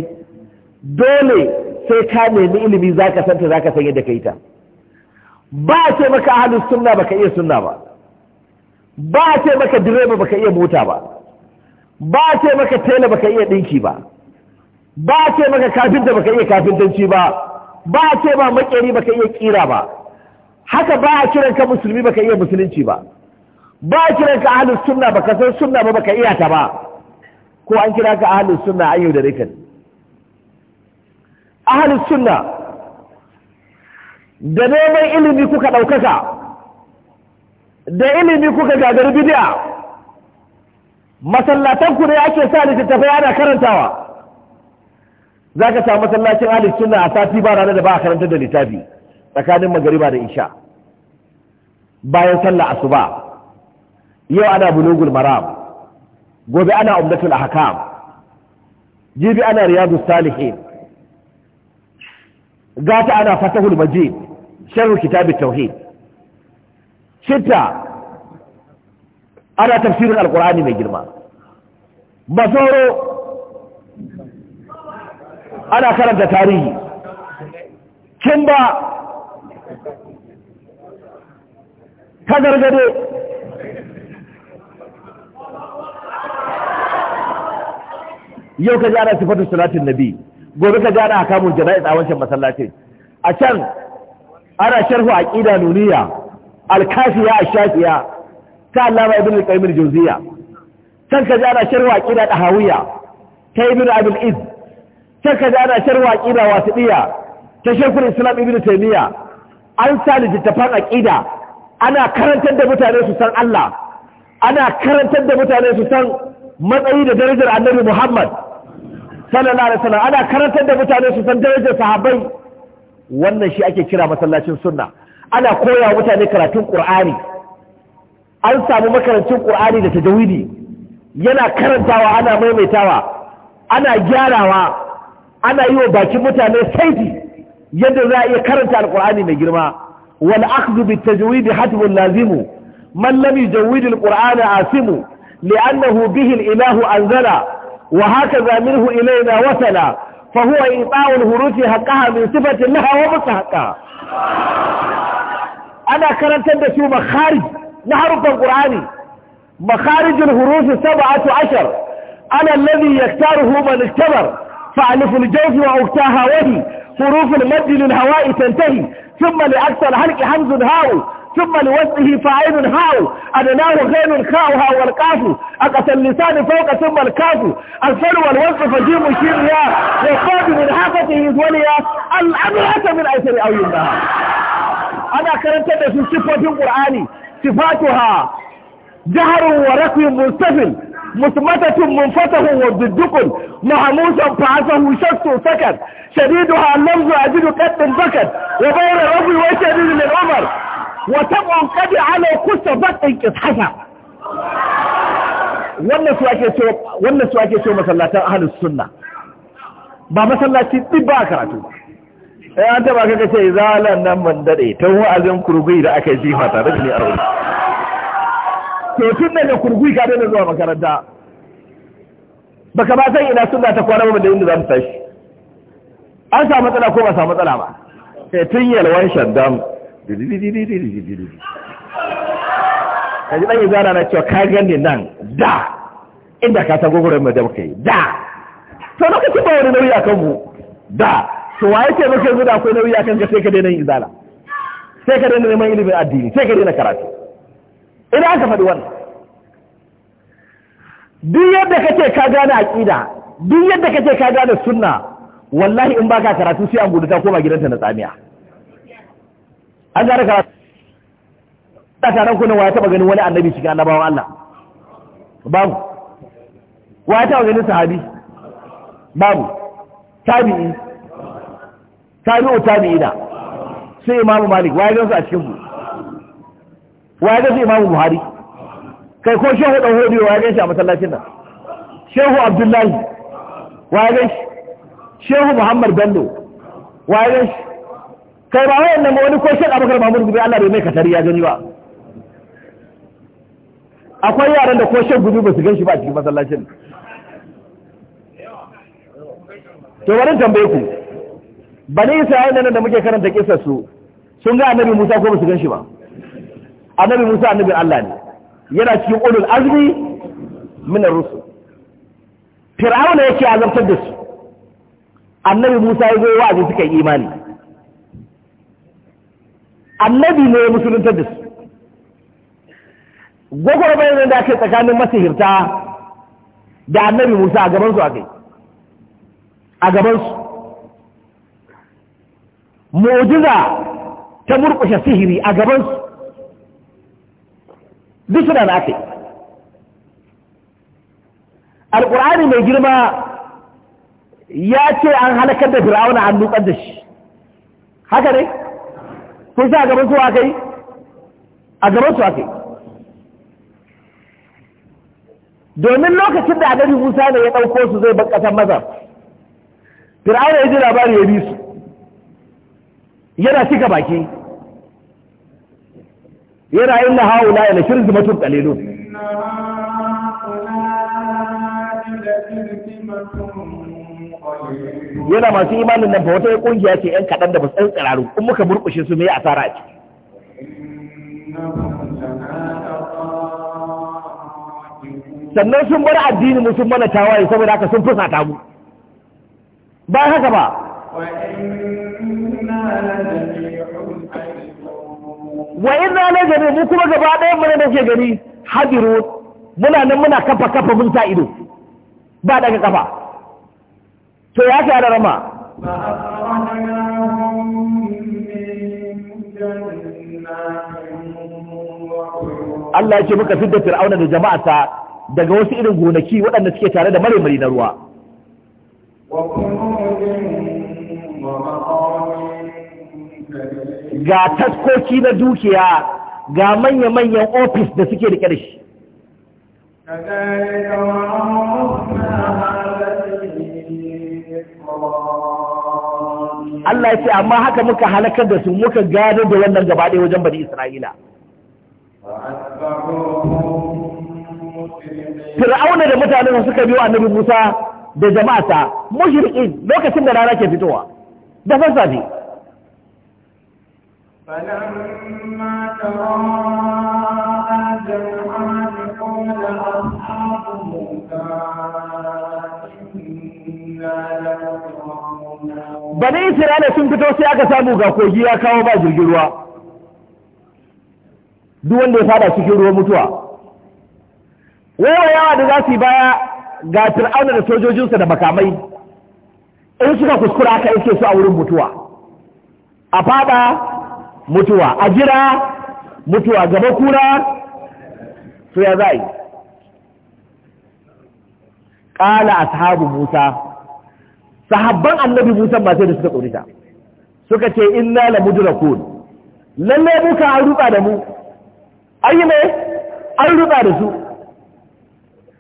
dole sai ka nemi ilimi za ka santa za ka san yadda ka yi ta ba a ce maka ahalus sunna ka iya sunna ba ba a ce maka direba ka iya mota ba ba a ce maka tela ba ka iya dinki ba ba a ce maka kafin da baka iya kafintanci ba ba a ce ba makeri baka iya kira ba haka ba a kiran ka musulmi baka iya musulunci ba ba a kiran ka ahlus sunna baka san sunna ba baka iya ta ba ko an kira ka ahlus sunna an yau da rikin ahlus sunna da neman ilimi kuka ɗaukaka da ilimi kuka gagari bidiya masallatan ku ne ake sa littattafai ana karantawa za ka samu masallacin ahli sunna a sati ba rana da ba a karantar da littafi tsakanin magariba da isha bayan sallah asuba yau ana bulugul maram gobe ana umdatul ahkam jibi ana riyadus salihin gata ana fatahul majid sharh kitabit tauhid shitta ana tafsirin alqur'ani mai girma masoro ana karanta tarihi kin ba ta gargade yau ka jana sifatu salatin nabi gobe ka jana hakamun jana'iz a tsawancin masallacin a can ana sharhu a ƙida nuniya alkafiya ashafiya ta allama ibn al-qayyim al-jawziya can ka jana sharhu a ƙida ɗahawiya ta ibn abul izz taka da ana sharwa aqida wasidiya ta shekul islam ibnu taimiyya. an sa littattafan aqida ana karantar da mutane su san Allah ana karantar da mutane su san matsayi da darajar annabi Muhammad sallallahu alaihi wasallam ana karantar da mutane su san darajar sahabbai wannan shi ake kira masallacin sunna ana koya mutane karatun qur'ani an samu makarantun qur'ani da tajawidi yana karantawa ana maimaitawa ana gyarawa ana yi wa bakin mutane saiti yadda za a iya karanta alkur'ani mai girma wal akhdhu bit tajwid hatb al lazim man lam yujawwid qur'ana asimu li'annahu bihi al-ilahu anzala wa hakaza minhu ilayna wasala fa huwa ita'u al-hurufi haqqaha min sifati laha wa bi mustahaqqa ana karantar da su makharij na harufan qur'ani makharijul hurufi sab'atu ashar ana alladhi yaktaruhu man iktabar فألف الجوز وأكتاها وهي حروف المد للهواء تنتهي ثم لأكثر هلك حمز هاو ثم لوسطه فاعل هاو أدناه غين خاو هاو والقاف أقصى اللسان فوق ثم الكاف الفر والوسط فجيم الشير يا يقاد من حافته وليا الأمرة من أيسر أو يمناها أنا كرمت في صفة القرآن صفاتها جهر ورقم مستفل مثمتة منفته وضدكم مهموسا فعزه شخص سكت شديدها اللفظ عديد قد بكت وبين ربي وشديد للعمر وتبع قد على قصة بك انكس حسا وانا سواكي سوى مسلاة اهل السنة با مسلاة تبا كراتو ايه انت باكا كسي زالا نمان دري توه ازم كروبي دا اكي زيفة رجلي to tun daga kurgui ka daina zuwa makaranta baka ba san ina suna ta kwana ba da inda za mu tashi an samu matsala ko ba samu matsala ba sai eh, tun yalwan shaddam kaji dan zana na cewa ka gani nan da inda ka san gogoron mai da muka yi da to lokacin ba wani nauyi akan mu da to waye ce muka yanzu da akwai nauyi akan ka sai ka daina yi zana sai ka daina neman ilimin addini sai ka daina karatu idan aka faɗi wannan duk yadda kake ka gane aƙida duk yadda kake ka gane sunna wallahi in baka karatu sai an gudu ta koma gidanta na tsamiya an gane karatu ta taron kuna waya taɓa ganin wani annabi cikin annabawan Allah babu waya taɓa ganin sahabi babu tabi'i tabi'u tabi'ina sai imamu malik waya gansu a cikin wa ya gaji imamu buhari kai ko shehu dan hodiyo wa ya gaishe a masallacin nan shehu abdullahi wa ya gaishe shehu muhammad bello wa ya gaishe kai ba wayan nan wani ko shehu abakar mahmud gumi allah bai mai katari ya gani ba akwai yaran da ko shehu gudu ba su gan ba a cikin masallacin to wani tambaye ku bani isra'ila nan da muke karanta kisar su sun ga annabi musa ko ba su gan ba annabi Musa annabin Allah ne yana cikin ulul azmi min ar-rusul Fir'auna yake azabtar da su annabi Musa ya zo wa'azi suka yi imani annabi ne ya musuluntar da su gwagwarmayar da ake tsakanin masihirta da annabi Musa a gabansu a kai a gabansu mu'jiza ta murƙushe sihiri a gabansu duk suna na yi alƙur'ani mai girma ya ce an halakar da fir'auna an nutsar da shi haka ne kun sa a gaban su aka yi a gaban su aka yi domin lokacin da annabi musa ne ya ɗauko su zai bar maza mazar fir'auna ya ji labari ya bi su yana cika baki yana yin na haula zuma tun ƙalilu. yana masu imanin nan fa wata ƙungiya ce yan kaɗan da ba san tsiraru in muka burkushe su mai asara a sannan sun bar addini mu sun mana tawaye saboda haka sun fusata mu ba haka ba wa ina na gani mu kuma gaba ɗaya mana da ke gani hadiru muna nan muna kafa kafa mun ta ido ba daga kafa to ya ka da rama Allah ya ce muka fidda fir'auna da jama'arsa daga wasu irin gonaki waɗanda suke tare da mare na ruwa. ga taskoki na dukiya ga manya-manyan ofis da suke da ƙarshe Allah ya ce amma haka muka halakar da su muka gano da wannan gabaɗe wajen bani Isra'ila. Fir'auna da mutanen suka biyo annabi Musa da jama'ata mushrikin lokacin da rana ke fitowa da fasafi. فلما تراءى جمعان أصحاب Bani Isra'ila sun fito sai aka samu ga kogi ya kawo ba jirgin ruwa. Duk wanda ya fada cikin ruwa mutuwa. yawa da za su yi baya ga fir'auna da sojojinsa da makamai in suka kuskura aka iske su a wurin mutuwa. A fada mutuwa a jira mutuwa gaba kura to ya za yi ƙala ashabu musa sahabban annabi musa ba sai da suka tsorita suka ce inna la mudrakun lalle muka an ruba da mu an yi mai an ruba da su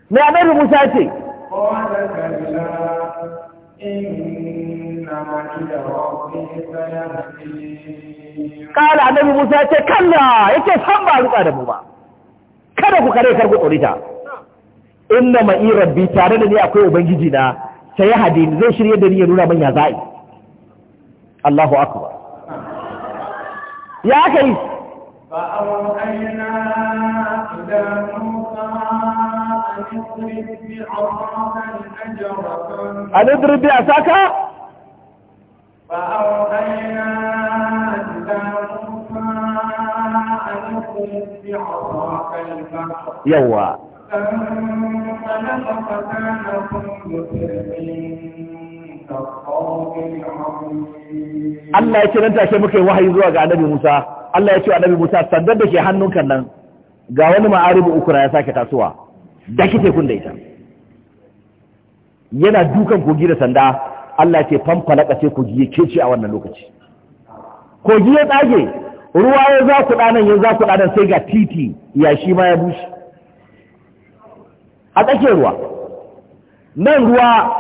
me annabi musa ce Ƙala annabi Musa ce, Kalla yake san ba rutsa da mu ba, kada ku kare kar ku tsorita. Inna ma'i rabbi tare da ne akwai Ubangiji na sai hadi zai shirye da ni ya nuna manya za'i. Allahu Akbar. Ya aka yi? An idribi a saka? فأوحينا يوا Allah ya ce nan take muke wahayi zuwa ga Annabi Musa Allah ya ce Annabi Musa sandar da ke hannunka nan ga wani ma'aribu ukura ya sake tasowa da kike kun da ita yana dukan kogi da sanda Allah ce fanfalaka sai giye ke kece a wannan lokaci kogi ya tsage ruwa ya za ku ɗanan ya za ku ɗanan sai ga titi yashi ma ya bushe a tsakiyar ruwa nan ruwa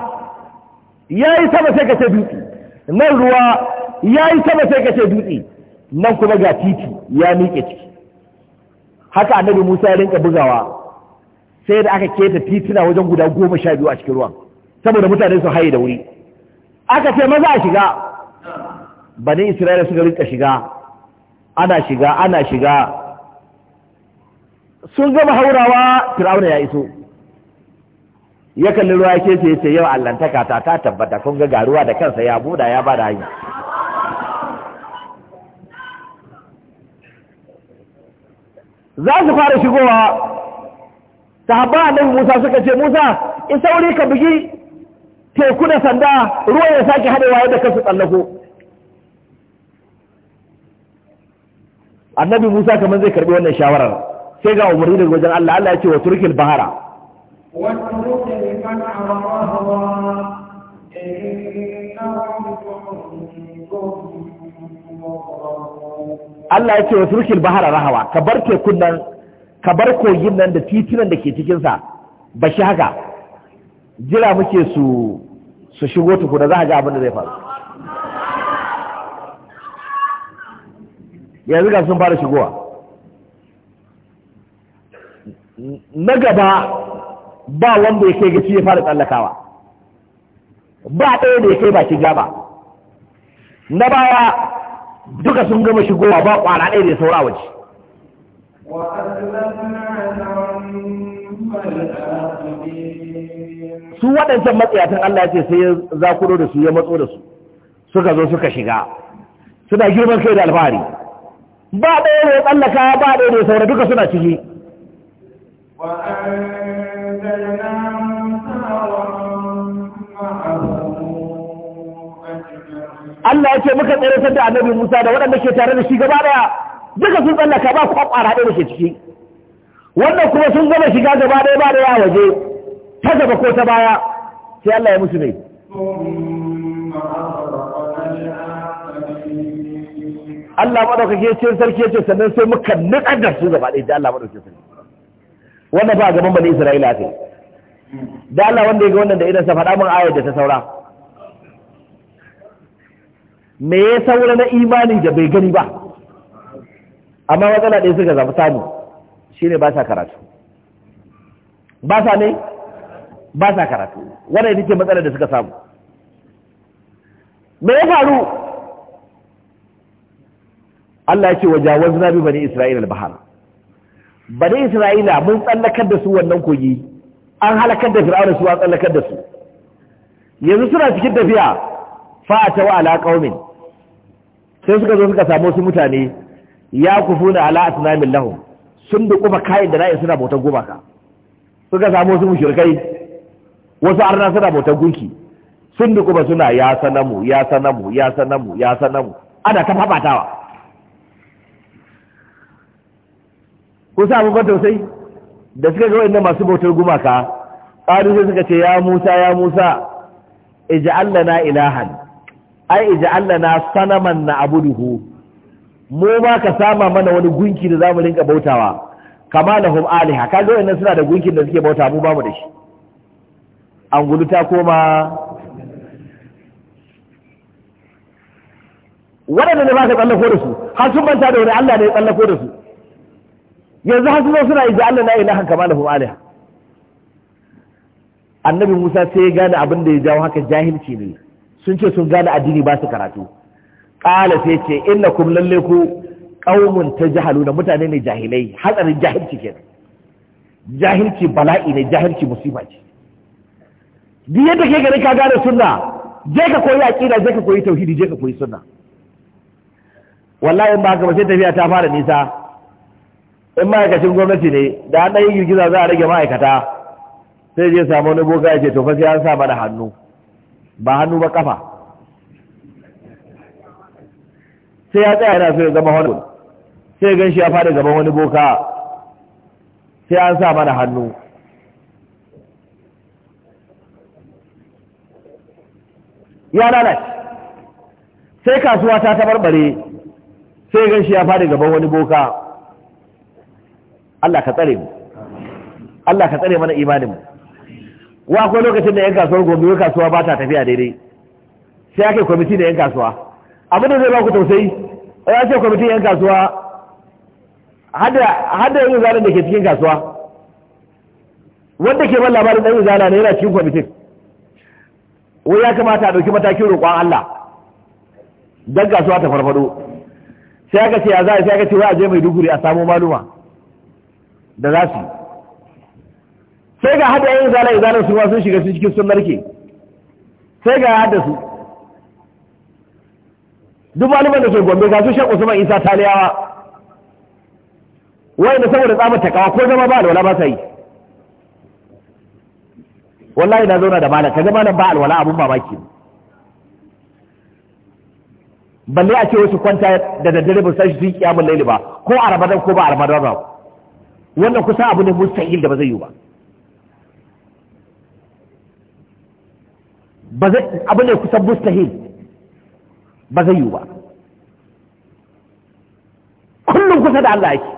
ya yi sama sai ka ce dutse nan ruwa ya yi sama sai ka ce dutse nan kuma ga titi ya miƙe ciki haka annabi musa ya rinka bugawa sai da aka keta titina wajen guda goma sha biyu a cikin ruwan saboda mutane su haye da wuri aka ce maza a shiga bani isra'ila suka rika shiga ana shiga ana shiga sun gama haurawa fir'auna ya iso ya kalli ruwa ya ce ce yau allantaka ta ta tabbata kun ga garuwa da kansa ya buda ya bada hanya za su fara shigowa ta haɓa annabi Musa suka ce Musa in sauri ka bugi teku da sanda ruwa ya sake haɗewa yadda kasu tsallako annabi musa kamar zai karbi wannan shawarar sai ga umarni daga wajen allah allah ya ce wa turkil bahara Allah ya ce wa turkil bahara rahawa ka bar tekun nan ka bar kogin nan da titunan da ke cikinsa ba shi haka jira muke su su shigo tukuna za a ga abin da zai faru yanzu ga sun fara shigowa na gaba ba wanda ya kai gaci ya fara tsallakawa ba ɗaya da ya kai baki gaba na baya duka sun gama shigowa ba kwana ɗaya da ya saura waje su waɗancan matsayatan Allah ya ce sai ya zakuro da su ya matso da su suka zo suka shiga suna girman kai da alfahari ba ɗaya ne tsallaka ba ɗaya ne saura duka suna ciki Allah ya ce muka tsere da annabi Musa da waɗanda ke tare da shi gaba ɗaya duka sun tsallaka ba kwakwara ɗaya da ke ciki wannan kuma sun gama shiga gaba ɗaya ba da ya waje ta gaba ko ta baya sai Allah ya musu ne Allah ke ce sarki ya ce, sannan sai muka nikar da su gaba ɗaya Allah madaukake sarki wannan ba gaban bani Isra'ila ce. da Allah wanda ya ga wannan da idan sa faɗa min ayar da ta saura me ya saura na imani da bai gani ba amma matsala ɗaya suka zama sani shine ba sa karatu ba sa ne ba sa karatu wannan yake matsalar da suka samu me ya faru Allah ya ce wa jawazna bi bani Isra'ila al-bahar bani Isra'ila mun tsallakar da su wannan kogi an halakar da fir'auna su an tsallakar da su yanzu suna cikin tafiya fa'ata wa ala qaumin sai suka zo suka samu su mutane ya kufuna ala asnamin sun duƙufa kayan da na'in suna bautar gumaka suka samu su mushirkai wasu arna suna bautar gunki sun duku ba suna ya sanamu ya sanamu ya sanamu ya sanamu ana ta fafatawa ko sa abubuwan tausayi da suka ga wayannan masu bautar gumaka qalu sai suka ce ya Musa ya Musa Allah na ilahan ai Allah na sanaman na duhu mu ma ka sama mana wani gunki da zamu rinka bautawa kama lahum aliha kaga wayannan suna da gunkin da suke bauta mu bamu da shi an gudu ta koma waɗanda ne ba ka tsallako da su har sun manta da wani Allah ne ya tsallako da su yanzu har suna suna ija Allah na ilahan kama da kuma aliha annabi Musa sai ya gane abin da ya jawo haka jahilci ne sun ce sun gane addini ba su karatu ƙala sai ce inna kum lalle ku jihalu da mutane ne jahilai hatsarin jahilci kenan jahilci bala'i ne jahilci musiba ce duk yadda ke gari ka gane sunna je ka koyi aqida je ka koyi tauhidi je ka koyi sunna wallahi in ba ka sai tafiya ta fara nisa in ma'aikacin gwamnati ne da an yi girgiza za a rage ma'aikata sai je samu wani boga ya ce to sai an sa mana hannu ba hannu ba kafa sai ya tsaya yana so ya zama wani sai gan shi ya fara gaban wani boka sai an sa mana hannu ya lalace sai kasuwa ta tabarbare sai gan shi ya fadi gaban wani boka Allah ka tsare mu Allah ka tsare mana imanin mu wa akwai lokacin da yan kasuwar gobe kasuwa ba ta tafiya daidai sai ake kwamiti da yan kasuwa abin da zai ba ku tausayi ya ce kwamitin yan kasuwa hada yanzu zanen da ke cikin kasuwa wanda ke ban labarin ɗan izala ne yana cikin kwamitin wai ya kamata a ɗauki matakin roƙon Allah don gasuwa ta farfado sai aka ce ya za a sai aka ce wai a je mai duguri a samu maluma da za su sai ga hada yin zala zanen suna sun shiga cikin sun narke sai ga hada su duk maluman da ke gombe ga su shan usman isa taliyawa wai da saboda tsamar takawa ko zama ba da wala ba sa yi wallahi na zauna da malam kaga malam ba alwala abun mamaki balle a ce wasu kwanta da daddare ba san shi sun laili ba ko a ramadan ko ba a ramadan ba wannan kusa abu ne mustahil da ba zai yi ba ba zai abu ne kusa mustahil ba zai yi ba kullum kusa da Allah yake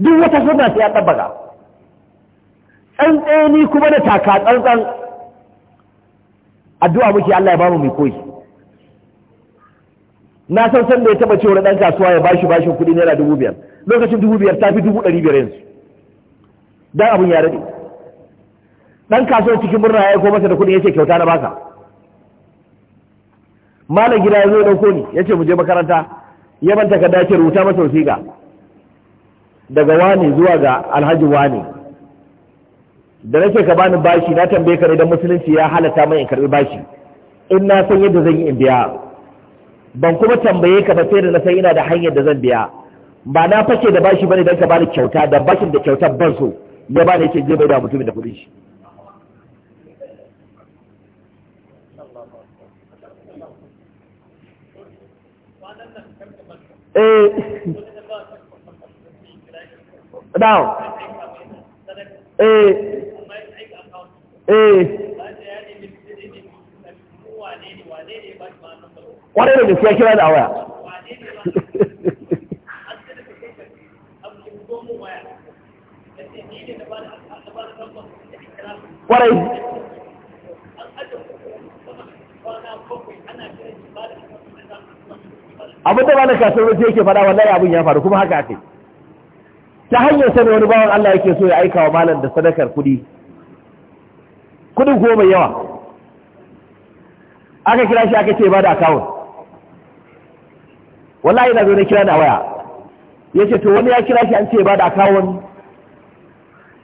duk wata sunna sai ya tabbata ni kuma da taka tsantsan addu'a muke Allah ya bamu mai koyi na san san da ya taba cewa ɗan kasuwa ya bashi bashin kuɗi naira dubu biyar lokacin dubu biyar ta fi dubu ɗari biyar yanzu dan abun ya rade Ɗan kasuwa cikin murna ya aiko masa da kuɗin yace kyauta na baka malam gida ya zo dauko ni ce mu je makaranta ya ban takarda ce rubuta masa wasiƙa daga wani zuwa ga alhaji wani da nake ka bani bashi na tambaye ka ne dan musulunci ya halatta mai in karbi bashi in na san yadda zan yi in biya ban kuma tambaye ka ba sai da na san ina da hanyar da zan biya ba na fashe da bashi bane dan ka bani kyauta da bashin da kyautar ban so ya bani yake je bai da mutumin da kudin shi eh now eh eh kwarai da gaskiya kira da waya kwarai abin da ba na kasar wasu yake faɗa wallahi abin ya faru kuma haka ake ta hanyar sani wani bawan Allah yake so ya aika wa malam da sadakar kuɗi kudin kuma mai yawa aka kira shi aka ce ba da akawun wallahi na zo na kira na waya ya ce to wani ya kira shi an ce ba da akawun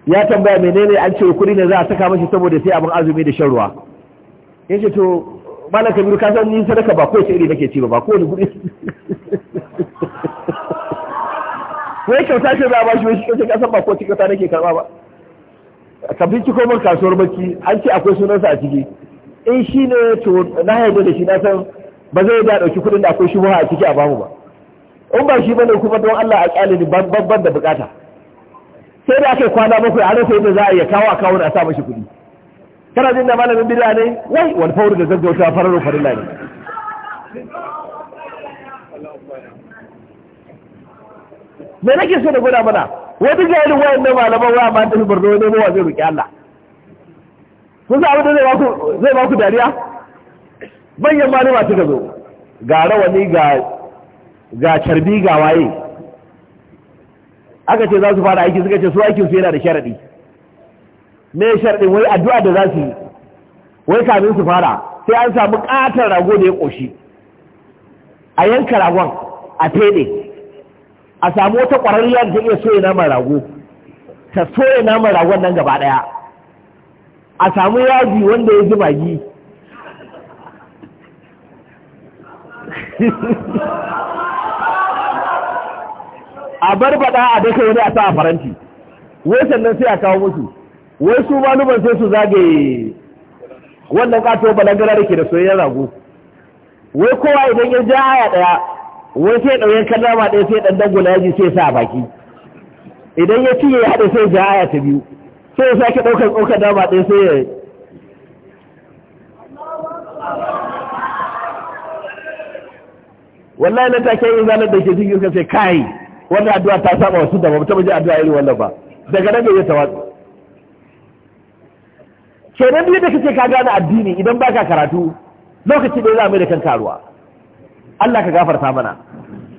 ya tambaya menene an ce kuɗi ne za a saka mashi saboda sai abin azumi da shan ruwa ya ce to malam kabiru ka san ni sadaka ba ko iri nake ci ba ba kowane kuɗi wai kyauta ce za a ba shi wai shi kyauta kasan ba ko ta nake karba ba ka binciko min kasuwar barci an ce akwai sunansa a ciki in shi ne to na haibu da shi na san ba zai da ɗauki kuɗin da akwai shi a ciki a bamu ba in ba shi ne kuma don Allah a ƙyale ni babban da bukata sai da aka kwana bakwai a rasa yadda za a iya kawo a kawo na sa mashi kuɗi kana jin da malamin birane wai wani fawar da zaggauta farar farilla ne me nake so da gwada mana wata jahilin wayan na malaman waya ma ta fi barno ne mawa zai ruki Allah kun sa abin da zai ba ku dariya manyan malama suka zo ga rawani ga carbi ga waye aka ce za su fara aiki suka ce su aikin su yana da sharaɗi me sharaɗi wai addu'a da za su yi wai kamin su fara sai an samu ƙatar rago da ya ƙoshi a yanka ragon a fede a samu wata ƙwararriya da ta iya soya naman rago ta soya naman ragon nan gaba ɗaya a samu yaji wanda ya ji magi a barbada a daga wani a sa a faranti wai sannan sai a kawo musu wai su maluman sai su zagaye wannan kato balangara da ke da soyayyar rago wai kowa idan ya ja aya ɗaya wai sai ɗauyen kallama ɗaya sai ɗan dangula yaji sai sa baki idan ya ciye ya haɗa sai ja aya ta biyu sai ya sake ɗaukar ɗaukar dama ɗaya sai ya wallahi na take yin zanen da ke cikin sai kai wannan addu'a ta saba wasu da ba ta addu'a irin wannan ba daga nan bai ta watsa kenan biyu da kake ka gane addini idan baka karatu lokaci da za mai da kan karuwa Allah ka gafarta mana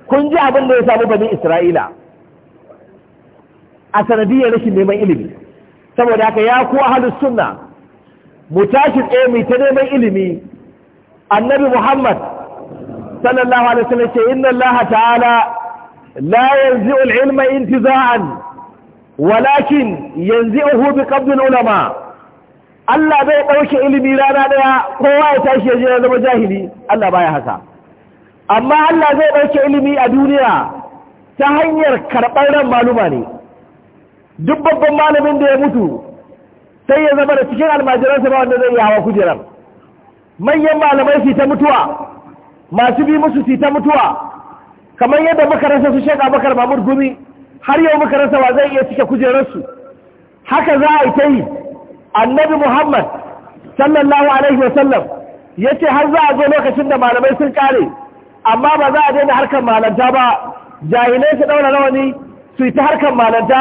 kun ji abin da ya samu bani Isra'ila a sanadiyar rashin neman ilimi saboda haka ya ku ahlus sunna mu tashi tsaye ta neman ilimi annabi Muhammad sallallahu alaihi wasallam ce inna Allah ta'ala la yanzi'u al-ilma intiza'an walakin yanzi'uhu bi qabd ulama Allah bai dauke ilimi rana daya kowa ya tashi ya je ya zama jahili Allah baya haka amma Allah zai ɗauke ilimi a duniya ta hanyar karɓar ran maluma ne duk babban malamin da ya mutu sai ya zama da cikin almajiransa ba wanda zai yi hawa kujerar manyan malamai su ta mutuwa masu bi musu su ta mutuwa kamar yadda muka rasa su shaƙa bakar mamur gumi har yau muka rasa wa zai iya cike kujerarsu haka za a yi ta yi annabi muhammad sallallahu alaihi wasallam ya ce har za a zo lokacin da malamai sun kare amma ba za a daina harkar malanta ba jahilai su daura rawani su yi ta harkar malanta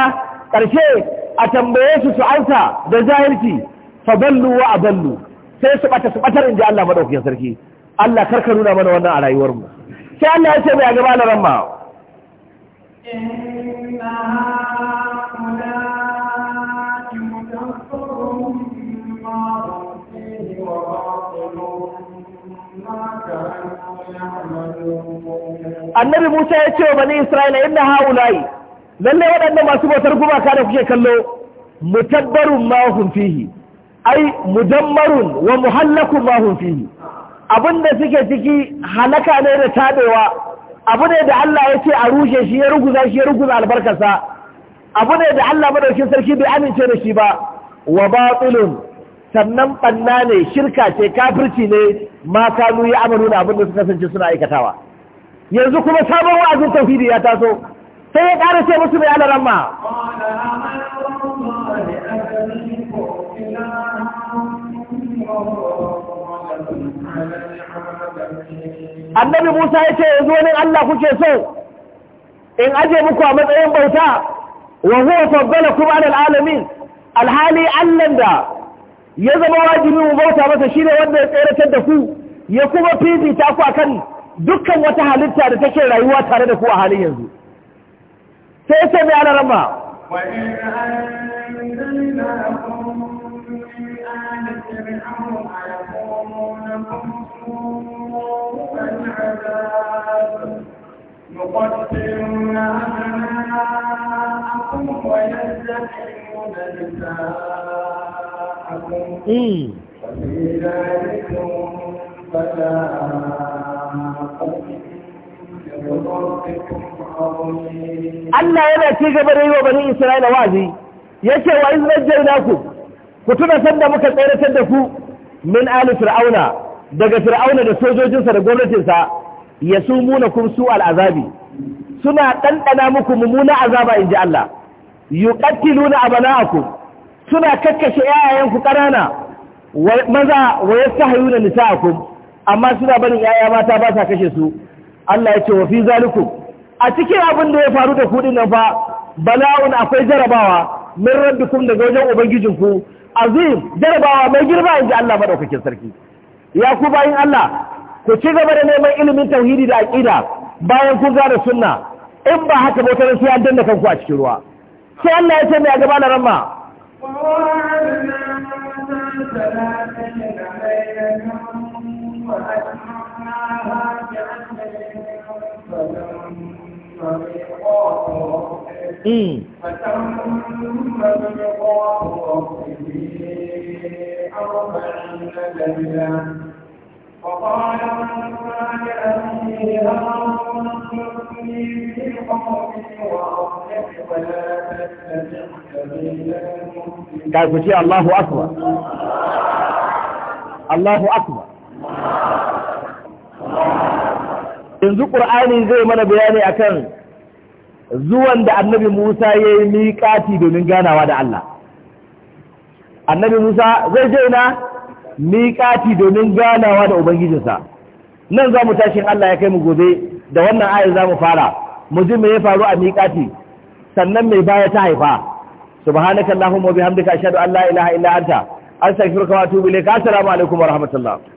ƙarshe a tambaye su su ansa da jahilci fa ballu wa adallu sai su bata su batar inji Allah madaukakin sarki Allah karka nuna mana wannan a rayuwar mu sai Allah ya ce mai gaba da ramma Thank you. annabi Musa ya ce wa bani Isra'ila inna haula'i lalle waɗannan masu bautar gumaka da kuke kallo mutabbarun ma hum fihi ai mudammarun wa muhallakun ma hum fihi abinda suke ciki halaka ne da tabewa abu ne da Allah ya ce a rushe shi ya ruguza shi ya ruguza albarkarsa abu ne da Allah madaukin sarki bai amince da shi ba wa batilun sannan ɓanna ne shirka ce kafirci ne ma kanu ya amaru da abin da suka kasance suna aikatawa yanzu kuma sabon wa'azin tauhidi ya taso sai ya ƙara ce musu mai alaran ma annabi musa ya ce yanzu wani allah kuke so in aje muku a matsayin bauta wa huwa faddala kuma alalamin alamin alhali Allah da ya zama wajibi mu bauta masa shine wanda ya tseratar da ku ya kuma fifita ku akan dukkan wata halitta da take rayuwa tare da ku a halin yanzu sai ya ce mai alarama وإذ أنزلناكم من آل فرعون يقولونكم سوء العذاب يقتلون أبناءكم ويستحيون نساءكم Allah yana ci gaba da yi wa bani Isra'ila wazi yake wa izrajjar naku ku tuna sanda muka tsoratar da ku min ali fir'auna daga fir'auna da sojojinsa da gwamnatinsa ya su muna kun su al'azabi suna ɗanɗana muku mummuna azaba in ji Allah a ku suna kakkashe yayayen ku ƙanana maza wa nisa nisa'akum amma suna barin yaya mata ba sa kashe su Allah ya ce wa fi zalikum a cikin abin da ya faru da kudin nan fa bala'un akwai jarabawa min rabbikum daga wajen ku. azim jarabawa mai girma in ji Allah madaukakin sarki ya ku bayin Allah ku ci gaba da neman ilimin tauhidi da aqida bayan kun gane sunna in ba haka ba wata sai an danna kanku a cikin ruwa sai Allah ya ce mai gaba na ramma ووعدنا موسى ثلاثين ليلة وأتممناها بعشر فلما ميقات ربه فتم ميقات ربه أربعين ليلة وقال موسى لأبيه أنصرني yanzu ƙur'ani zai mana bayani akan zuwan da annabi Musa ya yi domin ganawa da Allah annabi Musa zai je na miƙati domin ganawa da ubangijinsa nan za mu tashin Allah ya kai mu gobe da wannan ayar za mu fara mu ji me ya faru a miƙati sannan mai baya ta haifa subhanakallahumma wa bihamdika ashhadu an la ilaha illa anta astaghfiruka wa atubu ilayk assalamu alaikum wa rahmatullah